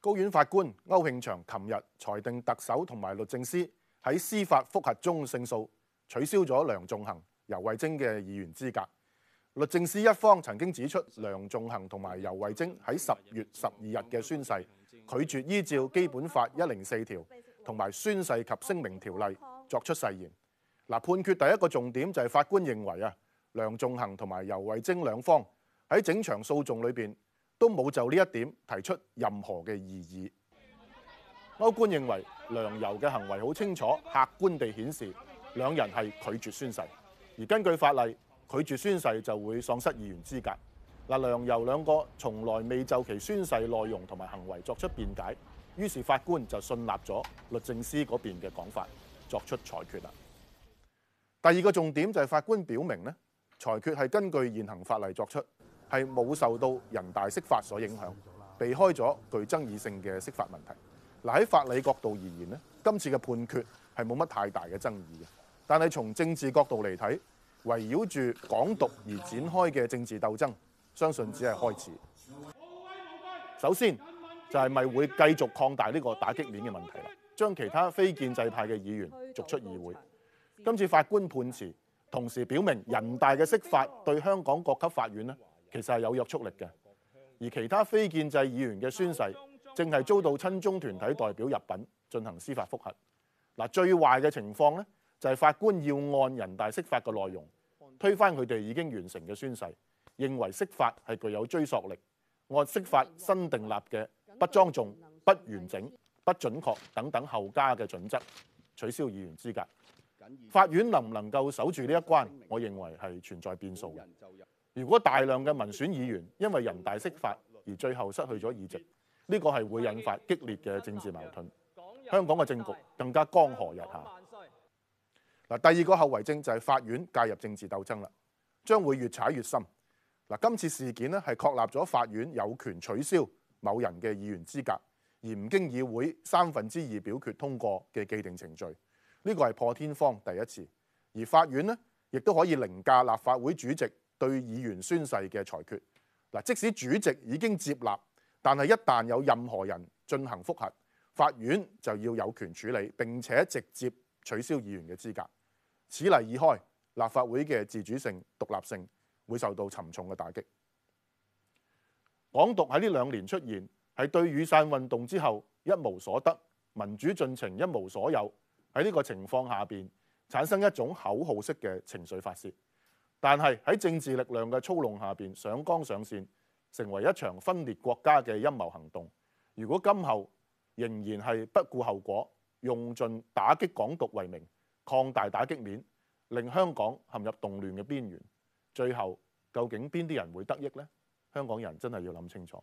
高院法官區慶祥琴日裁定特首同埋律政司喺司法複核中勝訴，取消咗梁頌恆、游蕙禎嘅議員資格。律政司一方曾經指出，梁頌恆同埋游蕙禎喺十月十二日嘅宣誓，拒絕依照《基本法》一零四條同埋《宣誓及聲明條例》作出誓言。判決第一個重點就係法官認為啊，梁頌恆同埋游蕙禎兩方喺整場訴訟裏邊都冇就呢一點提出任何嘅異議。區官認為梁游嘅行為好清楚，客觀地顯示兩人係拒絕宣誓，而根據法例，拒絕宣誓就會喪失議員資格。嗱，梁游兩個從來未就其宣誓內容同埋行為作出辯解，於是法官就信納咗律政司嗰邊嘅講法，作出裁決啦。第二個重點就係法官表明呢，裁決係根據現行法例作出，係冇受到人大釋法所影響，避開咗具爭議性嘅釋法問題。嗱，喺法理角度而言呢，今次嘅判決係冇乜太大嘅爭議嘅。但係從政治角度嚟睇，圍繞住港獨而展開嘅政治鬥爭，相信只係開始。首先就係咪會繼續擴大呢個打擊面嘅問題啦，將其他非建制派嘅議員逐出議會。今次法官判詞同時表明，人大嘅釋法對香港各級法院咧，其實係有約束力嘅。而其他非建制議員嘅宣誓，正係遭到親中團體代表入稟進行司法覆核。嗱，最壞嘅情況咧，就係、是、法官要按人大釋法嘅內容推翻佢哋已經完成嘅宣誓，認為釋法係具有追溯力，按釋法新訂立嘅不莊重、不完整、不準確等等後加嘅準則取消議員資格。法院能唔能夠守住呢一關？我認為係存在變數嘅。如果大量嘅民選議員因為人大釋法而最後失去咗議席，呢個係會引發激烈嘅政治矛盾，香港嘅政局更加江河日下。嗱，第二個後遺症就係法院介入政治鬥爭啦，將會越踩越深。嗱，今次事件咧，係確立咗法院有權取消某人嘅議員資格，而唔經議會三分之二表決通過嘅既定程序。呢個係破天荒第一次，而法院呢，亦都可以凌駕立法會主席對議員宣誓嘅裁決。嗱，即使主席已經接納，但係一旦有任何人進行覆核，法院就要有權處理並且直接取消議員嘅資格。此例已開，立法會嘅自主性、獨立性會受到沉重嘅打擊。港獨喺呢兩年出現係對雨傘運動之後一無所得，民主進程一無所有。喺呢個情況下面產生一種口號式嘅情緒發泄，但係喺政治力量嘅操弄下面，上綱上線，成為一場分裂國家嘅陰謀行動。如果今後仍然係不顧後果，用盡打擊港獨為名，擴大打擊面，令香港陷入動亂嘅邊緣，最後究竟邊啲人會得益呢？香港人真係要諗清楚。